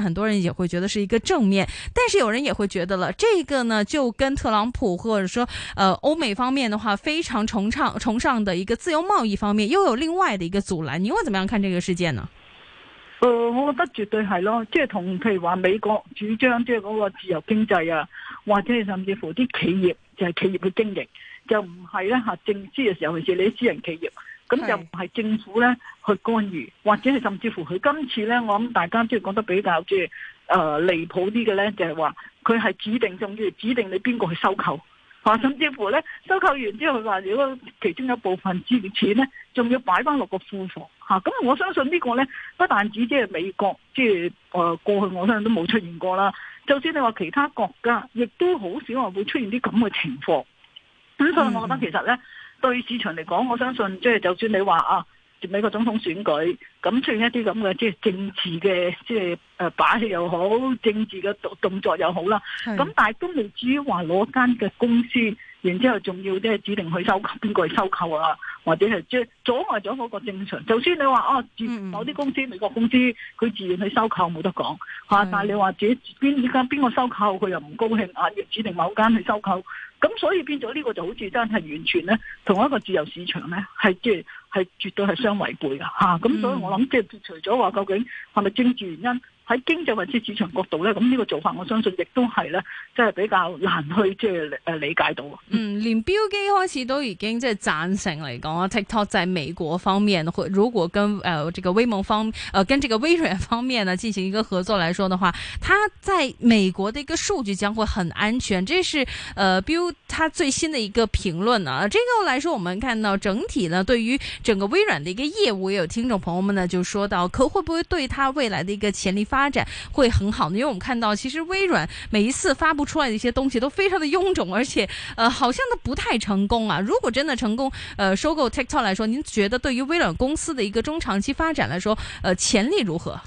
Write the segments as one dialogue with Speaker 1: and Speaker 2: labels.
Speaker 1: 很多人也會覺得是一個正面，但是有人也會覺得了，這個呢就跟特朗普或者說，呃，歐美方面的話非常崇尚崇尚的一個自由貿易方面，又有另外的一個阻攔，你又會怎麼樣看這個事件呢？
Speaker 2: 呃，我覺得絕對係咯，即係同譬如話美國主張即係嗰個自由經濟啊，或者甚至乎啲企業就係企業去經營，就唔係咧吓政治嘅時候回事，尤其是你啲私人企業。咁就唔係政府咧是去干預，或者係甚至乎佢今次咧，我諗大家即係講得比較即係誒離譜啲嘅咧，就係話佢係指定，仲、嗯、要指定你邊個去收購，吓、啊，甚至乎咧收購完之後，佢話如果其中有部分資源錢咧，仲要擺翻落個庫房，吓、啊，咁我相信個呢個咧不但止即係美國，即係誒過去我相信都冇出現過啦。就算你話其他國家，亦都好少話會出現啲咁嘅情況。咁所以我覺得其實咧。嗯對市場嚟講，我相信即係，就算你話啊，美國總統選舉咁出現一啲咁嘅即係政治嘅即係誒把戲又好，政治嘅動作又好啦。咁是但係都未至於話攞間嘅公司，然之後仲要即係指定去收邊個去收購啊，或者係阻阻礙咗嗰個正常。就算你話哦，某、啊、啲、嗯、公司、美國公司，佢自願去收購冇得講吓，啊、是但係你話自己邊間邊個收購，佢又唔高興啊，要指定某間去收購。咁所以變咗呢個就好似真係完全咧，同一個自由市場咧，係即係絕對係相違背噶嚇。咁、嗯啊、所以我諗即係除咗話究竟係咪政治原因？喺經濟或者市場角度咧，咁
Speaker 1: 呢個做法我相信亦都係咧，即係比較難去即係理解到。嗯，連 Bill Gates 開始都已經即係贊成嚟講啊。TikTok 在美國方面，或如果跟誒、呃、這個微盟方，誒、呃、跟這個微軟方面呢進行一個合作來說的話，它在美國的一個數據將會很安全。這是、呃、Bill 他最新的一個評論啊。這個來說，我們看到整體呢，對於整個微軟的一個業務，也有聽眾朋友們呢就說到，可會不會對他未來的一個潛力發發展會很好呢，因為我們看到其實微軟每一次發佈出來的一些東西都非常的臃腫，而且，呃，好像都不太成功啊。如果真的成功，呃，收購 TikTok 來說，您覺得對於微軟公司的一個中長期發展來說，呃，潛力如何？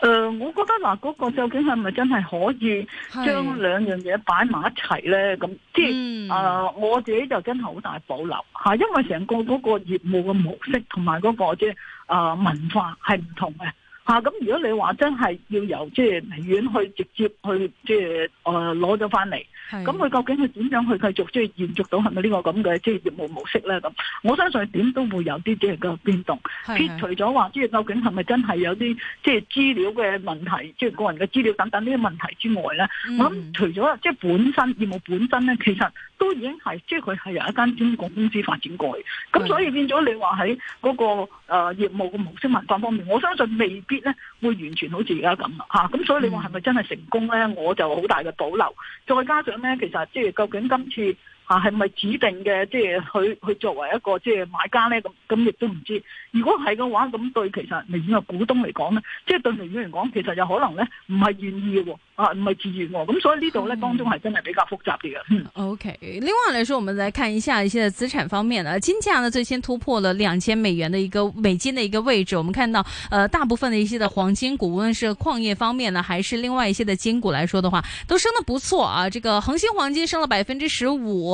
Speaker 1: 呃，我覺得嗱，嗰、那個究竟係咪真係可以將兩樣嘢擺埋一齊呢？咁即係，啊、嗯呃，
Speaker 2: 我自己就真係好大保留吓，因為成個嗰個業務嘅模式同埋嗰個即係，啊、呃，文化係唔同嘅。咁、啊、如果你話真係要由即係院去直接去即係誒攞咗翻嚟，咁、呃、佢是究竟佢點樣去繼續即係、就是、延續到係咪呢個咁嘅即係業務模式咧？咁我相信點都會有啲即係個變動。撇是除咗話即係究竟係咪真係有啲即係資料嘅問題，即、就、係、是、個人嘅資料等等呢啲問題之外咧，嗯、我諗除咗即係本身業務本身咧，其實都已經係即係佢係由一間中國公司發展過嚟，咁是所以變咗你話喺嗰個誒、呃、業務嘅模式文化方面，我相信未必。會完全好似而家咁啊！吓咁，所以你話係咪真係成功咧？我就好大嘅保留。再加上咧，其實即係究竟今次。啊，係咪指定嘅？即係去去作為一個即係買家咧，咁咁亦都唔知道。如果係嘅話，咁對其實名義股東嚟講咧，即係對名義嚟講，其實有可能咧，唔係願意嘅，啊唔係自願。咁所以呢度咧當中係真係比較複雜啲嘅。
Speaker 1: 嗯嗯、OK，另外嚟說，我們來看一下一些資產方面啦。金價呢最先突破了兩千美元的一個美金嘅一個位置。我們看到，呃，大部分的一些的黃金股，無論是礦業方面呢，還是另外一些的金股來說的話，都升得不錯啊。這個恒星黃金升了百分之十五。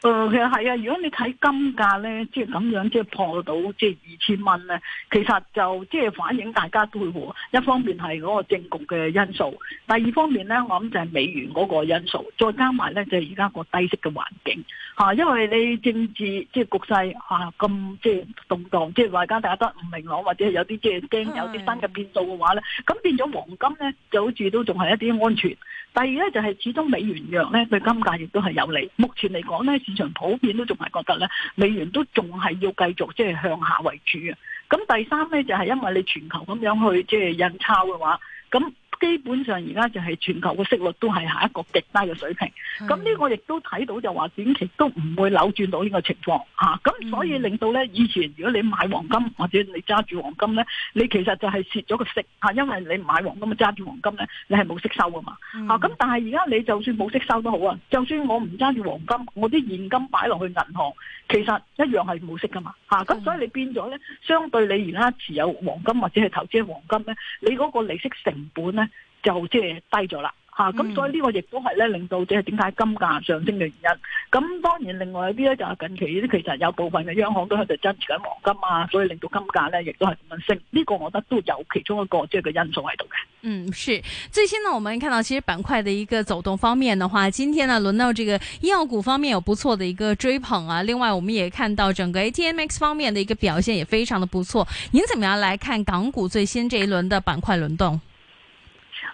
Speaker 2: 誒、呃，其實係啊，如果你睇金價咧，即係咁樣，即係破到即係二千蚊咧，其實就即係反映大家都會和，一方面係嗰個政局嘅因素，第二方面咧，我諗就係美元嗰個因素，再加埋咧就係而家個低息嘅環境吓、啊，因為你政治、即係局勢吓咁即係動盪，即係而家大家都唔明朗，或者有啲即係驚有啲新嘅變數嘅話咧，咁變咗黃金咧就好似都仲係一啲安全。第二咧就係、是、始終美元弱咧，對金價亦都係有利。目前嚟講咧。市場普遍都仲係覺得咧，美元都仲係要繼續即係向下為主嘅。咁第三咧就係因為你全球咁樣去即係印鈔嘅話，咁。基本上而家就係全球嘅息率都係下一個極低嘅水平，咁呢的個亦都睇到就話短期都唔會扭轉到呢個情況吓，咁、啊、所以令到咧以前如果你買黃金或者你揸住黃金咧，你其實就係蝕咗個息吓、啊，因為你買黃金啊揸住黃金咧，你係冇息收噶嘛的啊嘛吓，咁但係而家你就算冇息收都好啊，就算我唔揸住黃金，我啲現金擺落去銀行，其實一樣係冇息噶嘛吓，咁、啊、的所以你變咗咧，相對你而家持有黃金或者係投資黃金咧，你嗰個利息成本咧。就即係低咗啦，吓、啊、咁、嗯嗯、所以呢個亦都係咧令到即係點解金價上升嘅原因。咁當然另外一啲咧就近期呢其實有部分嘅央行都係就增持緊黃金啊，所以令到金價咧亦都係咁樣升。呢、這個我覺得都有其中一個即係個因素喺度嘅。
Speaker 1: 嗯，是。最先呢，我們看到其實板塊的一個走動方面的話，今天呢輪到這個醫藥股方面有不錯的一個追捧啊。另外我們也看到整個 ATMX 方面的一個表現也非常的不錯。您怎麼樣來看港股最新這一輪的板塊輪動？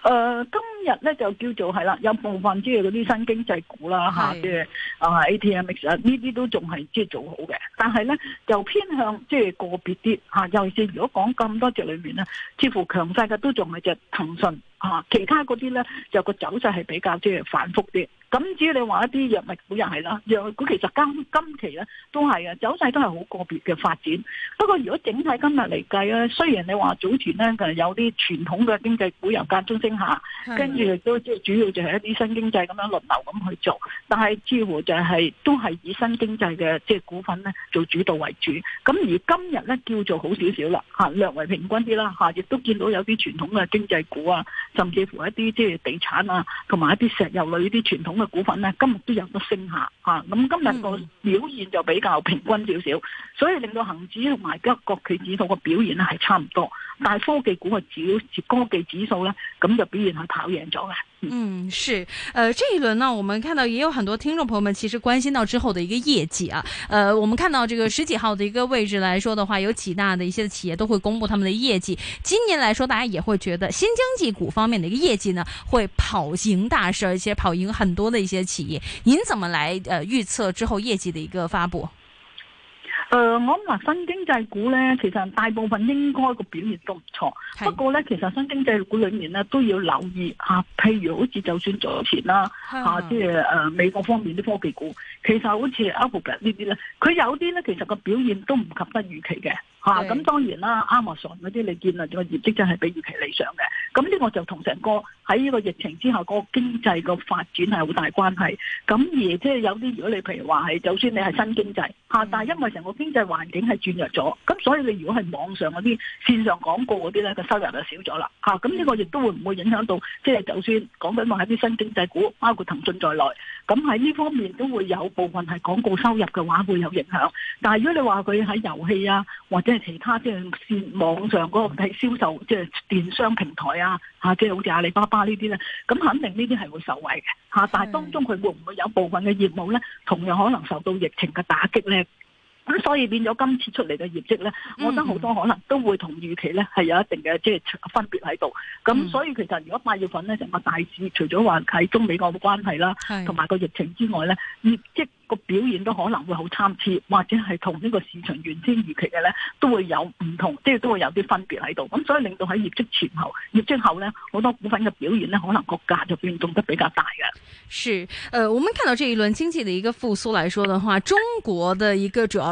Speaker 2: 誒、呃，今日咧就叫做係啦，有部分即係嗰啲新經濟股啦吓，即係是啊 ATMX 啊，呢啲都仲係即係做好嘅。但係咧又偏向即係個別啲吓，尤其是如果講咁多隻裏面咧，似乎強勢嘅都仲係隻騰訊吓，其他嗰啲咧就個走勢係比較即係反覆啲。咁至於你話一啲藥物股又係啦，藥股其實今今期咧都係嘅，走勢都係好個別嘅發展。不過如果整體今日嚟計咧，雖然你話早前咧有啲傳統嘅經濟股又間中升下，跟住亦都即係主要就係一啲新經濟咁樣輪流咁去做。但係似乎就係、是、都係以新經濟嘅即係股份咧做主導為主。咁而今日咧叫做好少少啦，嚇略為平均啲啦，嚇亦都見到有啲傳統嘅經濟股啊，甚至乎一啲即係地產啊，同埋一啲石油類啲傳統的股份咧，今日都有個升下吓，咁、啊、今日個表現就比較平均少少，嗯、所以令到恒指同埋個國企指數個表現咧係差唔多，但係科技股嘅指科技指數咧，咁就表
Speaker 1: 現係跑贏咗嘅。嗯，嗯，是，呃這一輪呢，我們看到也有很多聽眾朋友們其實關心到之後的一個業績啊，呃我們看到這個十幾號的一個位置來說的話，有幾大的一些企業都會公布他們的業績。今年來說，大家也會覺得新經濟股方面的一個業績呢，會跑贏大市而且跑贏很多。的一些企業，您怎麼來？誒，預測之後業績的一個發布。
Speaker 2: 誒、呃，我諗、啊、新經濟股咧，其實大部分應該個表現都唔錯。是不過咧，其實新經濟股裏面咧都要留意吓、啊，譬如好似就算早前啦，吓、啊，即係誒美國方面啲科技股，其實好似 Apple 嘅呢啲咧，佢有啲咧其實個表現都唔及得預期嘅吓。咁對、啊、當然啦，Amazon 嗰啲你見啊個業績真係比預期理想嘅。咁呢個就同成個喺呢個疫情之下個經濟個發展係好大關係。咁而即係有啲，如果你譬如話係，就算你係新經濟、啊、但係因為成個經濟環境係轉弱咗，咁所以你如果係網上嗰啲線上廣告嗰啲咧，個收入就少咗啦嚇。咁、啊、呢個亦都會唔會影響到，即、就、係、是、就算講緊話係啲新經濟股，包括騰訊在內。咁喺呢方面都會有部分係廣告收入嘅話會有影響，但係如果你話佢喺遊戲啊，或者係其他即係線網上嗰個係銷售即係、就是、電商平台啊，即、啊、係、就是、好似阿里巴巴呢啲咧，咁肯定呢啲係會受惠嘅、啊、但係當中佢會唔會有部分嘅業務咧，同樣可能受到疫情嘅打擊咧？咁所以變咗今次出嚟嘅業績咧，嗯、我覺得好多可能都會同預期咧係有一定嘅即係分別喺度。咁、嗯、所以其實如果八月份咧，成個、嗯、大市除咗話喺中美國嘅關係啦，同埋個疫情之外咧，業績個表現都可能會好參差，或者係同呢個市場原先預期嘅咧都會有唔同，即、就、係、是、都會有啲分別喺度。咁所以令到喺業績前後，業績後咧好多股份嘅表現咧，可能個價就變動得比較大嘅。
Speaker 1: 是，誒、呃，我們看到這一輪經濟的一個復蘇來說的話，中國的一個。主要。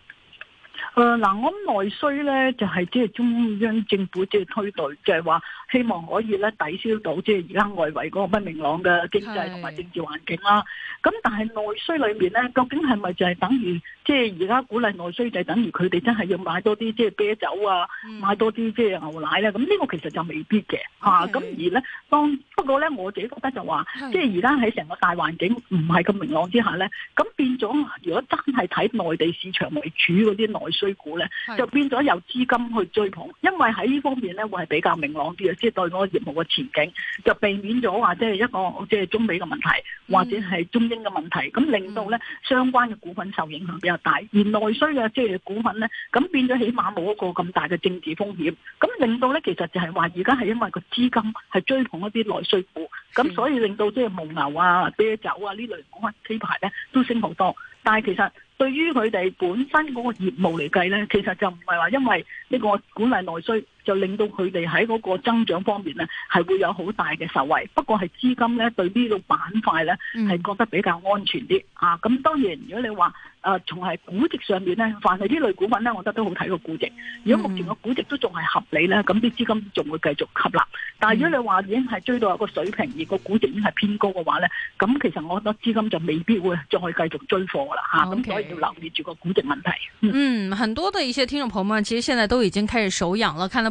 Speaker 2: 誒，嗱、呃，我諗內需咧就係即係中央政府即係推動，就係、是、話希望可以咧抵消到即係而家外圍嗰個不明朗嘅經濟同埋政治環境啦、啊。咁是但係內需裏面咧，究竟係咪就係等於即係而家鼓勵內需就係等於佢哋真係要買多啲即係啤酒啊，嗯、買多啲即係牛奶咧？咁、這、呢個其實就未必嘅吓。咁 Okay.、啊、而咧，當不過咧，我自己覺得就話，即係而家喺成個大環境唔係咁明朗之下咧，咁變咗如果真係睇內地市場為主嗰啲內需。是追股咧就變咗由資金去追捧，因為喺呢方面咧會係比較明朗啲嘅，即係對個業務嘅前景，就避免咗話即係一個即係、就是、中美嘅問題，或者係中英嘅問題，咁、嗯、令到咧相關嘅股份受影響比較大，而內需嘅即係股份咧，咁變咗起碼冇一個咁大嘅政治風險，咁令到咧其實就係話而家係因為個資金係追捧一啲內需股，咁所以令到即係蒙牛啊、啤酒啊呢類股份 K 牌咧都升好多，但係其實，對於佢哋本身嗰個業務嚟計呢，其實就唔係話因為呢個管理內需，就令到佢哋喺嗰個增長方面呢，係會有好大嘅受惠。不過係資金呢，對呢個板塊呢，係覺得比較安全啲、嗯、啊。咁當然，如果你話誒，仲、呃、係估值上面呢，凡係呢類股份呢，我覺得都好睇個估值。如果目前個估值都仲係合理呢，咁啲資金仲會繼續吸納。但係如果你話已經係追到一個水平，而個估值已經係偏高嘅話呢，咁其實我覺得資金就未必會再繼續追貨啦吓。咁、啊、所以要留意住個估值問題。嗯，
Speaker 1: 嗯很多的一些聽眾朋友們，其實現在都已經開始手癢了，看了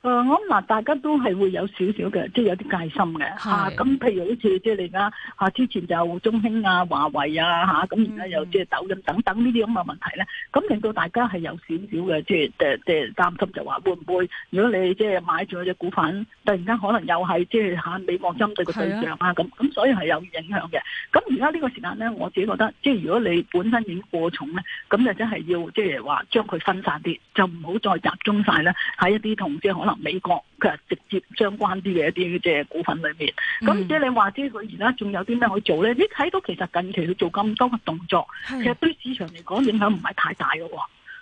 Speaker 2: 誒，我諗大家都係會有少少嘅，即係有啲戒心嘅咁的、啊、譬如好似即係而家之前就中興啊、華為啊咁而家又即係抖音等等呢啲咁嘅問題咧，咁令到大家係有少少嘅即係即誒擔心就會會，就話會唔會如果你即係買咗隻股份，突然間可能又係即係嚇、啊、美國針對嘅對象啊咁，咁的所以係有影響嘅。咁而家呢個時間咧，我自己覺得，即係如果你本身已經過重咧，咁就真係要即係話將佢分散啲，就唔好再集中晒呢喺一啲同即同美國嘅直接相關啲嘅一啲即係股份裏面，咁即係你話啲佢而家仲有啲咩可以做咧？你睇到其實近期佢做咁多嘅動作，是其實對市場嚟講影響唔係太大嘅。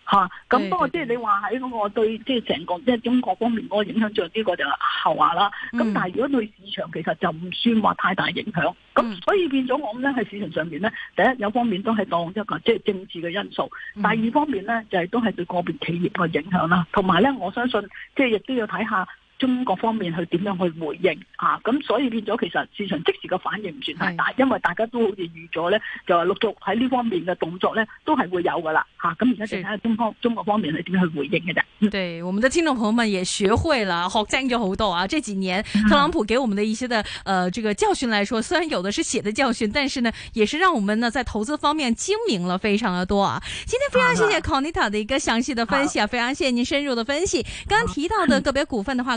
Speaker 2: 吓，咁不過即係你話喺嗰個對即係成個即係中國方面嗰個影響最大呢個就係後話啦。咁但係如果對市場其實就唔算話太大影響。咁所以變咗我咁咧喺市場上面咧，第一有方面都係當一個即係政治嘅因素，第二方面咧就係、是、都係對個別企業嘅影響啦。同埋咧，我相信即係亦都要睇下。中國方面去點樣去回應啊？咁所以變咗其實市場即時嘅反應唔算太大，是因為大家都好似預咗呢，就係陸續喺呢方面嘅動作呢，
Speaker 1: 都係會有嘅啦
Speaker 2: 嚇。咁而家就睇下中方中國方面係點樣去回應嘅啫。
Speaker 1: 對，我們的聽眾朋友們，也學會啦，學精咗好多啊！這幾年特朗普給我們的一些的呃這個教訓來說，雖然有的是血的教訓，但是呢也是讓我們呢在投資方面精明了非常的多啊！今天非常謝謝 Conita 的一個詳細的分析啊，非常謝謝您深入的分析。剛剛，啊、提到的個別股份的話。